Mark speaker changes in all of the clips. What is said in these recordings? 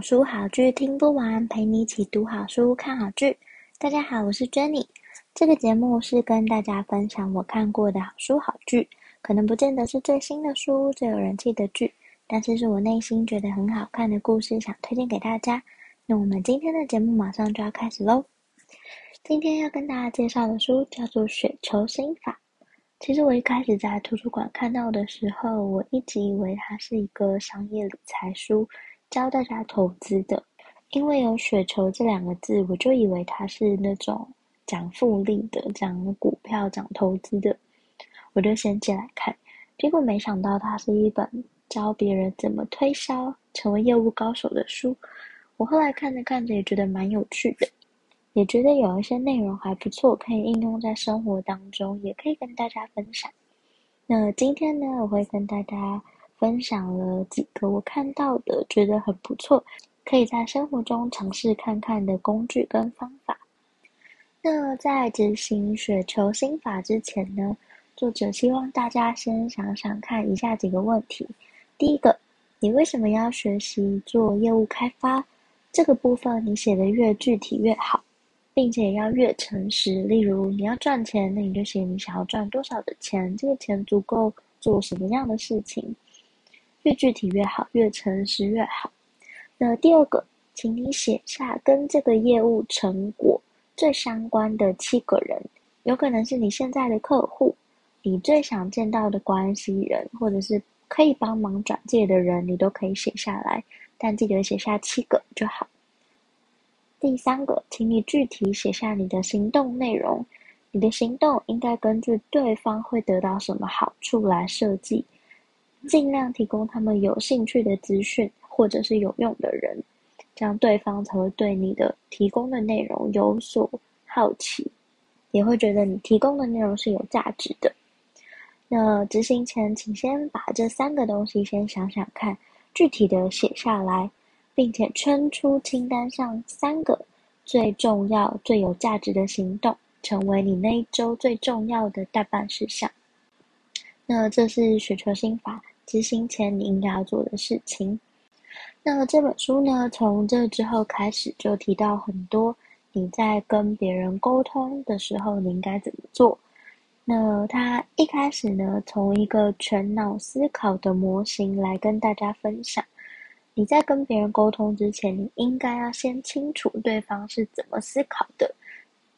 Speaker 1: 好書好劇聽不完，陪你一起讀好書、看好劇。大家好，我是 Jenny。這個節目是跟大家分享我看過的好書好劇，可能不見得是最新的書、最有人氣的劇，但是是我內心覺得很好看的故事，想推薦給大家。那我們今天的節目馬上就要開始嘍。今天要跟大家介紹的書叫做《雪球心法》。其實我一開始在圖書館看到的時候，我一直以為它是一個商業理財書。教大家投資的，因為有“雪球”這兩個字，我就以為它是那種講複利的、講股票、講投資的，我就先借來看。結果沒想到它是一本教別人怎麼推銷、成為業務高手的書。我後來看着看着也覺得蠻有趣的，也覺得有一些內容還不錯，可以應用在生活當中，也可以跟大家分享。那今天呢，我會跟大家分享了幾個我看到的，覺得很不錯，可以在生活中嘗試看看的工具跟方法。那在執行雪球心法之前呢，作者希望大家先想想看以下幾個問題：第一個，你為什麼要學習做業務開發？這個部分你寫得越具體越好，並且要越誠實。例如，你要賺錢，那你就寫你想要賺多少的錢，這個錢足夠做什麼樣的事情。越具體越好，越誠實越好。那第二個，請你寫下跟這個業務成果最相關的七個人，有可能是你現在的客戶，你最想見到的關係人，或者是可以幫忙轉介的人，你都可以寫下來，但記得寫下七個就好。第三個，請你具體寫下你的行動內容，你的行動應該根據對方會得到什麼好處來設計。盡量提供他們有興趣的資訊，或者是有用的人，這樣對方才會對你的提供的內容有所好奇，也會覺得你提供的內容是有價值的。那執行前，請先把這三個東西先想想看，具體的寫下來，並且圈出清單上三個最重要、最有價值的行動，成為你那一周最重要的待辦事項。那這是雪球心法。執行前你應該要做的事情。那這本書呢，從這之後開始就提到很多你在跟別人溝通的時候，你應該怎麼做。那他一開始呢，從一個全腦思考的模型來跟大家分享。你在跟別人溝通之前，你應該要先清楚對方是怎麼思考的，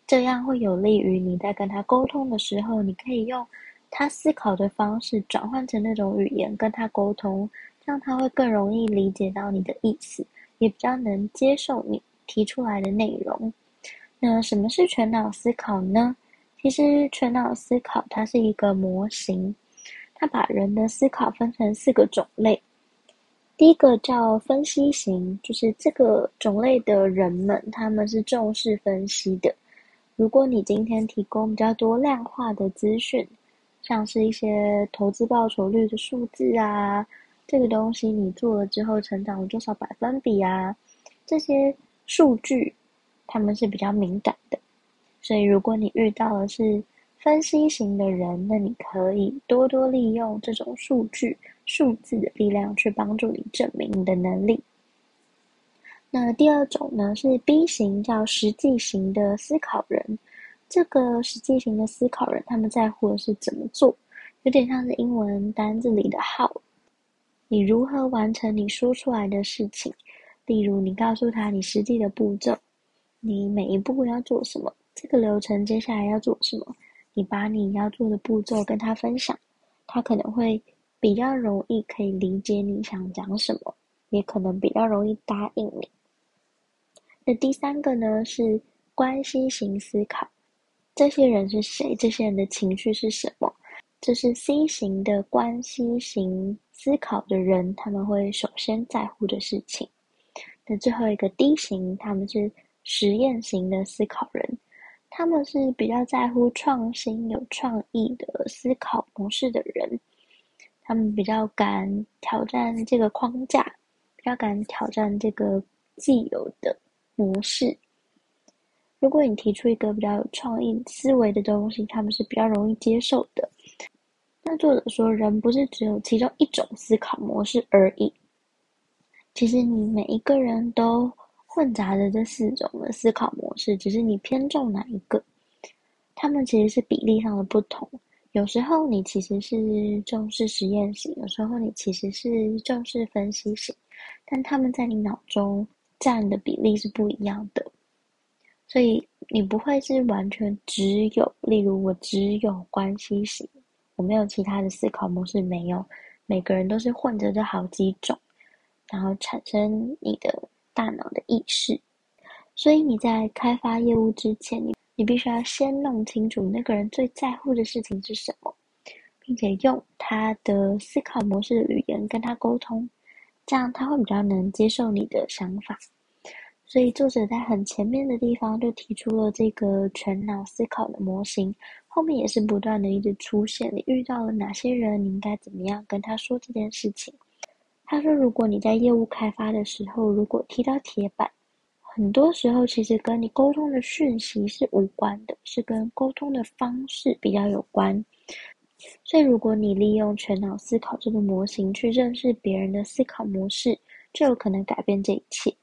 Speaker 1: 這樣會有利於你在跟他溝通的時候，你可以用。他思考的方式轉換成那種語言跟他溝通，這樣他會更容易理解到你的意思，也比較能接受你提出來的內容。那什麼是全腦思考呢？其實全腦思考它是一個模型，它把人的思考分成四個種類。第一個叫分析型，就是這個種類的人們，他們是重視分析的。如果你今天提供比較多量化的資訊，像是一些投資報酬率的數字啊，這個東西你做了之後成長了多少百分比啊，這些數據他們是比較敏感的，所以如果你遇到的是分析型的人，那你可以多多利用這種數據數字的力量去幫助你證明你的能力。那第二種呢，是 B 型，叫實際型的思考人。這個實際型的思考人，他們在乎的是怎麼做，有點像是英文單字裡的 how。你如何完成你說出來的事情？例如，你告訴他你實際的步驟，你每一步要做什麼，這個流程接下來要做什麼，你把你要做的步驟跟他分享，他可能會比較容易可以理解你想講什麼，也可能比較容易答應你。那第三個呢，是關係型思考。這些人是誰？這些人的情緒是什麼？這、就是 C 型的關係型思考的人，他們會首先在乎的事情。那最後一個 D 型，他們是實驗型的思考人，他們是比較在乎創新、有創意的思考模式的人，他們比較敢挑戰這個框架，比較敢挑戰這個既有的模式。如果你提出一個比較有創意思維的東西，他們是比較容易接受的。那作者說，人不是只有其中一種思考模式而已。其實你每一個人都混雜着這四種的思考模式，只是你偏重哪一個。他們其實是比例上的不同。有時候你其實是重視實驗型，有時候你其實是重視分析型，但他們在你腦中占的比例是不一樣的。所以你不會是完全只有，例如我只有關係型，我沒有其他的思考模式，沒有。每個人都是混着這好幾種，然後產生你的大腦的意識。所以你在開發業務之前，你你必須要先弄清楚那個人最在乎的事情是什麼，並且用他的思考模式的語言跟他溝通，這樣他會比較能接受你的想法。所以作者在很前面的地方就提出了這個全腦思考的模型，後面也是不斷的一直出現。你遇到了哪些人，你應該怎麼樣跟他說這件事情？他說，如果你在業務開發的時候，如果踢到鐵板，很多時候其實跟你溝通的訊息是無關的，是跟溝通的方式比較有關。所以，如果你利用全腦思考這個模型去認識別人的思考模式，就有可能改變這一切。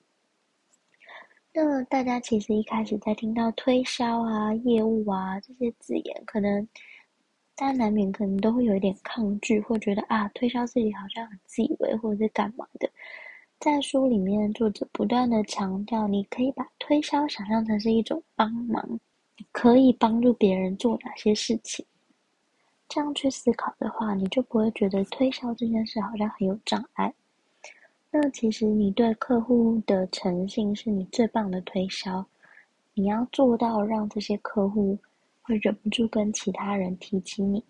Speaker 1: 那、嗯、大家其實一開始在聽到推銷啊、業務啊這些字眼，可能大家難免可能都會有一點抗拒，會覺得啊，推銷自己好像很自以為或者是幹嘛的。在書裡面，作者不斷的強調，你可以把推銷想象成是一種幫忙可以幫助別人做哪些事情。這樣去思考的話，你就不會覺得推銷這件事好像很有障礙。那其實你對客戶的誠信是你最棒的推銷，你要做到讓這些客戶會忍不住跟其他人提起你，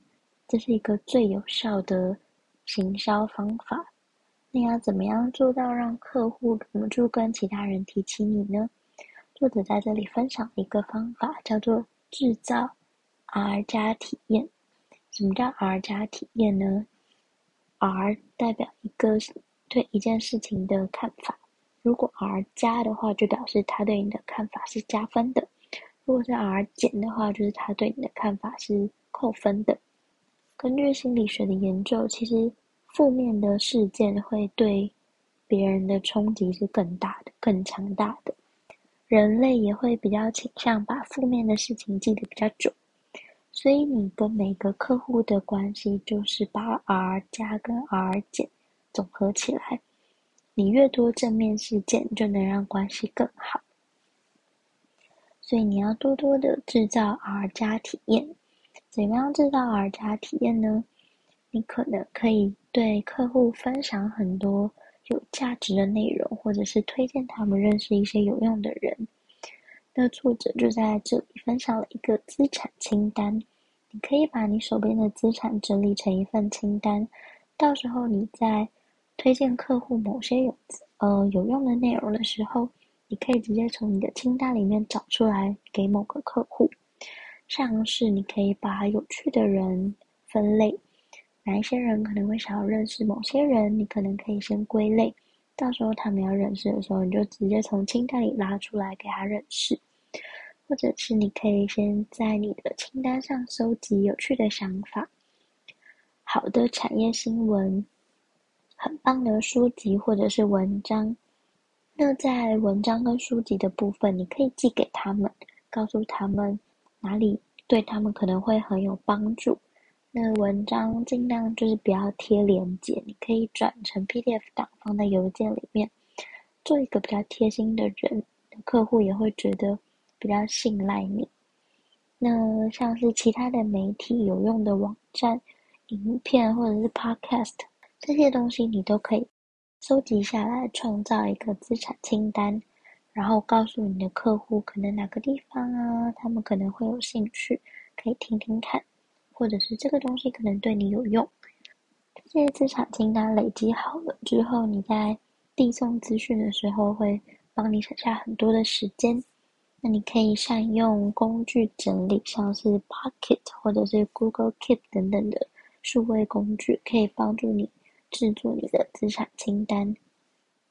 Speaker 1: 這是一個最有效的行銷方法。那要怎麼樣做到讓客戶忍不住跟其他人提起你呢？作者在這裡分享一個方法，叫做制造 R 加體驗。什麼叫 R 加體驗呢？R 代表一個。對一件事情的看法，如果 R 加的話，就表示他對你的看法是加分的；如果是 R 減的話，就是他對你的看法是扣分的。根據心理學的研究，其實負面的事件會對別人的衝擊是更大的、更強大的。人類也會比較傾向把負面的事情記得比較久，所以你跟每個客戶的關係就是把 R 加跟 R 減。總和起來，你越多正面事件，就能讓關係更好。所以你要多多的制造 R 加體驗。怎麼樣制造 R 加體驗呢？你可能可以對客戶分享很多有價值的內容，或者是推薦他們認識一些有用的人。那作者就在這裡分享了一個資產清單。你可以把你手邊的資產整理成一份清單，到時候你在。推薦客戶某些有呃有用的內容的時候，你可以直接從你的清單裡面找出來給某個客戶。像是你可以把有趣的人分類，哪一些人可能會想要認識某些人，你可能可以先歸類，到時候他們要認識的時候，你就直接從清單裡拉出來給他認識。或者是你可以先在你的清單上收集有趣的想法、好的產業新聞。很棒的書籍或者是文章，那在文章跟書籍的部分，你可以寄給他們，告訴他們哪裡對他們可能會很有幫助。那文章盡量就是不要貼連結，你可以轉成 PDF 檔，放在郵件裡面，做一個比較貼心的人，客戶也會覺得比較信賴你。那像是其他的媒體有用的網站、影片，或者是 Podcast。這些東西你都可以收集下來，創造一個資產清單，然後告訴你的客戶，可能哪個地方啊，他們可能會有興趣，可以聽聽看，或者是這個東西可能對你有用。這些資產清單累積好了之後，你在遞送資訊的時候會幫你省下很多的時間。那你可以善用工具整理，像是 Pocket 或者是 Google Keep 等等的數位工具，可以幫助你。製作你的資產清單。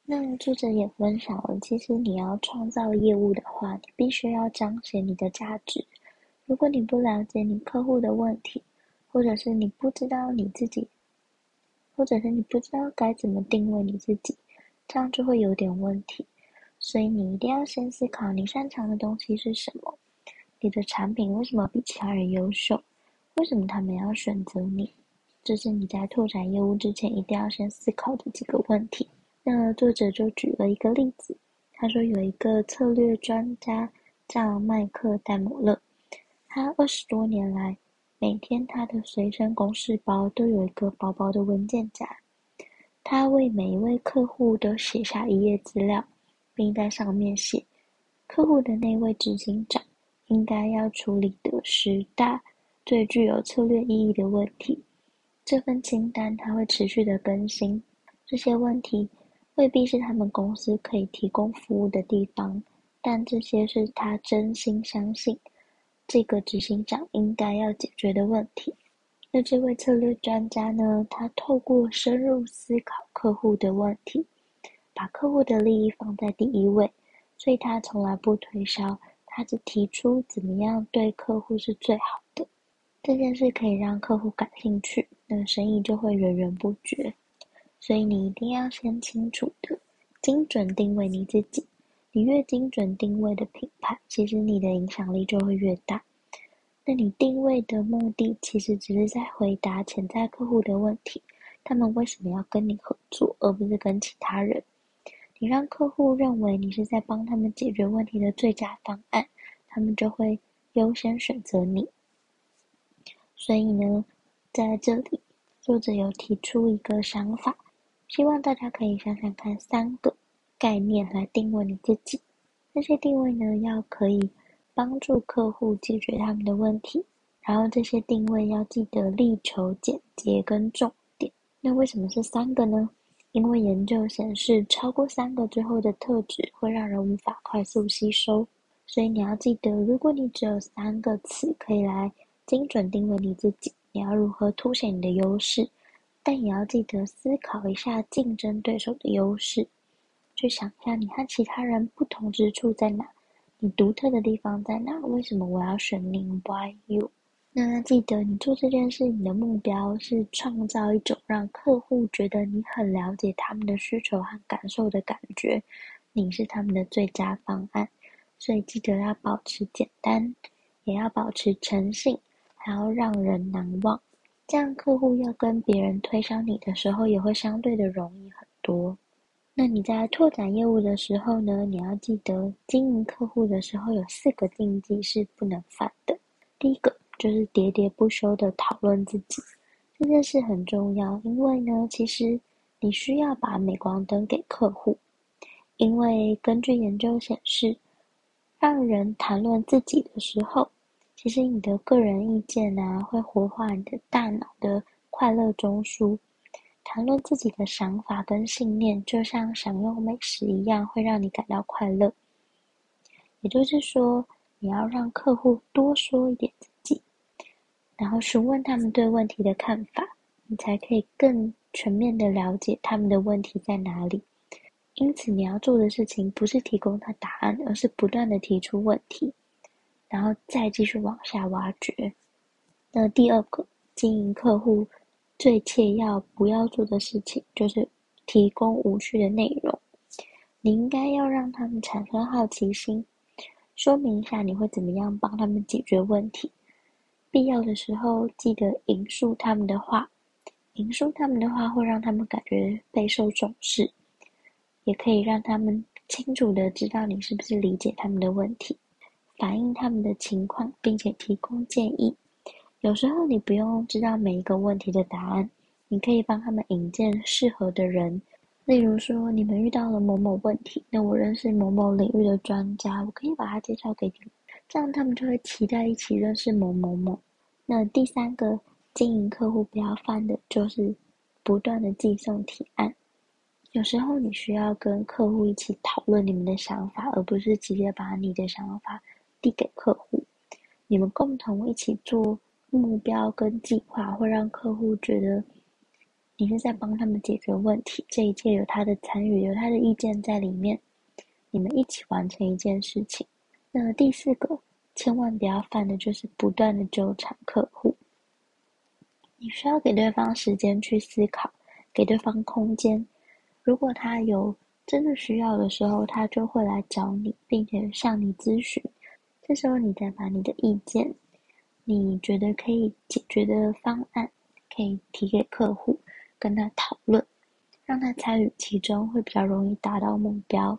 Speaker 1: 那作者也分享了，其實你要創造業務的話，你必須要彰顯你的價值。如果你不了解你客戶的問題，或者是你不知道你自己，或者是你不知道該怎麼定位你自己，這樣就會有點問題。所以你一定要先思考你擅長的東西是什麼，你的產品為什麼比其他人優秀，為什麼他們要選擇你？這是你在拓展業務之前一定要先思考的幾個問題。那作者就舉了一個例子，他說有一個策略專家叫麥克戴姆勒，他二十多年來，每天他的隨身公事包都有一個薄薄的文件夾，他為每一位客戶都寫下一頁資料，並在上面寫客戶的那位執行長應該要處理的十大最具有策略意義的問題。這份清單他會持續的更新，這些問題未必是他們公司可以提供服務的地方，但這些是他真心相信這個執行長應該要解決的問題。那這位策略專家呢？他透過深入思考客戶的問題，把客戶的利益放在第一位，所以他從來不推銷，他只提出怎麼樣對客戶是最好的，這件事可以讓客戶感興趣。那生意就會源源不絕，所以你一定要先清楚的精準定位你自己。你越精準定位的品牌，其實你的影響力就會越大。那你定位的目的，其實只是在回答潛在客戶的問題，他們為什麼要跟你合作，而不是跟其他人？你讓客戶認為你是在幫他們解決問題的最佳方案，他們就會優先選擇你。所以呢，在這裡，作者有提出一個想法，希望大家可以想想看，三個概念，來定位你自己。這些定位呢，要可以幫助客戶解決他們的問題，然後這些定位要記得力求簡潔跟重點。那為什麼是三個呢？因為研究顯示，超過三個之後的特質會讓人無法快速吸收，所以你要記得，如果你只有三個詞可以來精準定位你自己。你要如何凸顯你的優勢？但也要記得思考一下競爭對手的優勢，去想一下你和其他人不同之處在哪，你獨特的地方在哪？為什麼我要選你 by you？那記得你做這件事，你的目標是創造一種讓客戶覺得你很了解他們的需求和感受的感覺，你是他們的最佳方案。所以記得要保持簡單，也要保持誠信。然後讓人難忘，這樣客戶要跟別人推銷你的時候，也會相對的容易很多。那你在拓展業務的時候呢？你要記得經營客戶的時候有四個禁忌是不能犯的。第一個就是喋喋不休的討論自己，這件事很重要，因為呢，其實你需要把鎂光燈給客戶，因為根據研究顯示，讓人談論自己的時候。其實你的個人意見呢，會活化你的大腦的快樂中樞。談論自己的想法跟信念，就像享用美食一樣，會讓你感到快樂。也就是說，你要讓客戶多說一點自己，然後詢問他們對問題的看法，你才可以更全面的了解他們的問題在哪裡。因此，你要做的事情不是提供他答案，而是不斷的提出問題。然後再繼續往下挖掘。那第二個經營客戶最切要不要做的事情，就是提供無序的內容。你應該要讓他們產生好奇心，說明一下你會怎麼樣幫他們解決問題。必要的時候記得引述他們的話，引述他們的話會讓他們感覺備受重視，也可以讓他們清楚的知道你是不是理解他們的問題。反映他們的情況，並且提供建議。有時候你不用知道每一個問題的答案，你可以幫他們引薦適合的人。例如說，你們遇到了某某問題，那我認識某某領域的專家，我可以把他介紹給你，這樣他們就會期待一起認識某某某。那第三個經營客戶不要犯的就是不斷的寄送提案。有時候你需要跟客戶一起討論你們的想法，而不是直接把你的想法，遞給客戶，你們共同一起做目標跟計劃，會讓客戶覺得你是在幫他們解決問題。這一切有他的參與，有他的意見在裡面，你們一起完成一件事情。那第四個，千萬不要犯的就是不斷的糾纏客戶。你需要給對方時間去思考，給對方空間。如果他有真的需要的時候，他就會來找你，並且向你諮詢。這時候，你再把你的意見，你覺得可以解決的方案，可以提給客戶，跟他討論，讓他參與其中，會比較容易達到目標。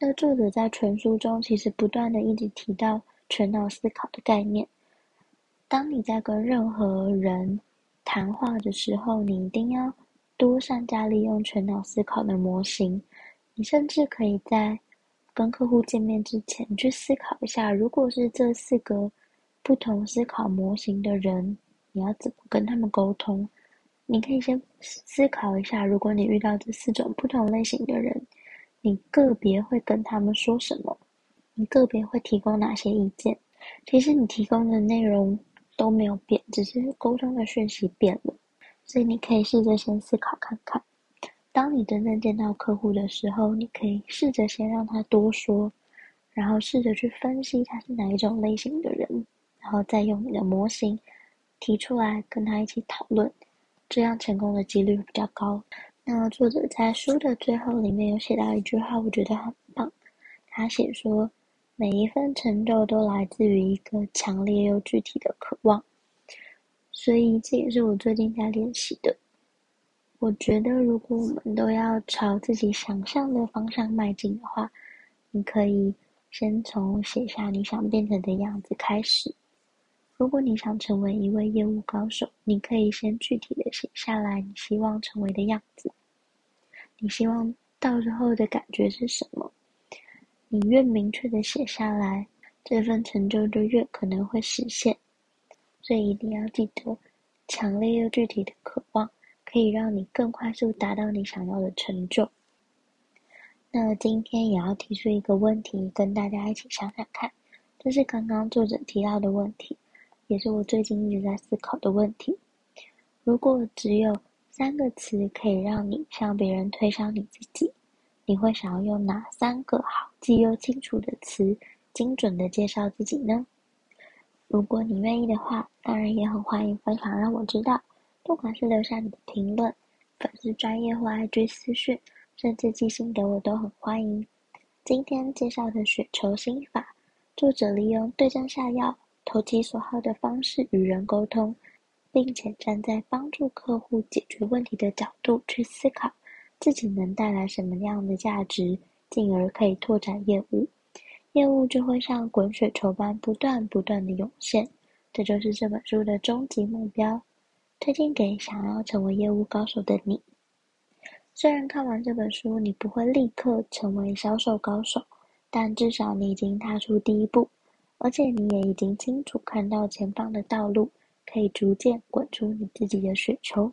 Speaker 1: 那作者在全書中其實不斷的一直提到全腦思考的概念。當你在跟任何人談話的時候，你一定要多善加利用全腦思考的模型。你甚至可以在跟客戶見面之前，你去思考一下，如果是這四個不同思考模型的人，你要怎麼跟他們溝通？你可以先思考一下，如果你遇到這四種不同類型的人，你個別會跟他們說什麼？你個別會提供哪些意見？其實你提供的內容都沒有變，只是溝通的訊息變了，所以你可以試着先思考看看。當你真正見到客戶的時候，你可以試着先讓他多說，然後試着去分析他是哪一種類型的人，然後再用你的模型提出來跟他一起討論，這樣成功的幾率比較高。那作者在書的最後裡面有寫到一句話，我覺得很棒，他寫說每一份成就都來自於一個強烈又具體的渴望，所以這也是我最近在練習的。我覺得，如果我們都要朝自己想象的方向邁進的話，你可以先從寫下你想變成的樣子開始。如果你想成為一位業務高手，你可以先具體的寫下來你希望成為的樣子。你希望到時候的感覺是什麼？你越明確的寫下來，這份成就就越可能會實現。所以一定要記得，強烈又具體的渴望。可以讓你更快速達到你想要的成就。那今天也要提出一個問題，跟大家一起想想看。這是剛剛作者提到的問題，也是我最近一直在思考的問題。如果只有三個詞可以讓你向別人推銷你自己，你會想要用哪三個好記又清楚的詞，精準地介紹自己呢？如果你願意的話，當然也很歡迎分享，讓我知道。不管是留下你的評論、粉絲專頁或 IG 私訊，甚至寄信給我，都很歡迎。今天介紹的《雪球心法》，作者利用對症下藥、投其所好的方式與人溝通，並且站在幫助客戶解決問題的角度去思考，自己能帶來什麼樣的價值，進而可以拓展業務，業務就會像滾雪球般不斷不斷的湧現。這就是這本書的終極目標。推薦給想要成為業務高手的你。雖然看完這本書，你不會立刻成為銷售高手，但至少你已經踏出第一步，而且你也已經清楚看到前方的道路，可以逐漸滾出你自己的雪球。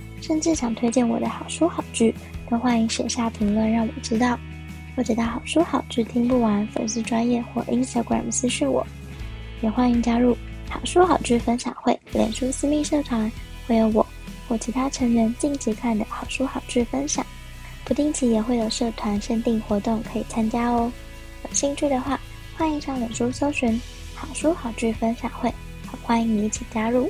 Speaker 1: 甚至想推薦我的好書好劇，都歡迎寫下評論讓我知道。或者在“好書好劇聽不完”粉絲專頁或 Instagram 私信我，也歡迎加入“好書好劇分享會”臉書私密社團，會有我或其他成員近期看的好書好劇分享，不定期也會有社團限定活動可以參加哦。有興趣的話，歡迎上臉書搜尋“好書好劇分享會”，好，歡迎你一起加入。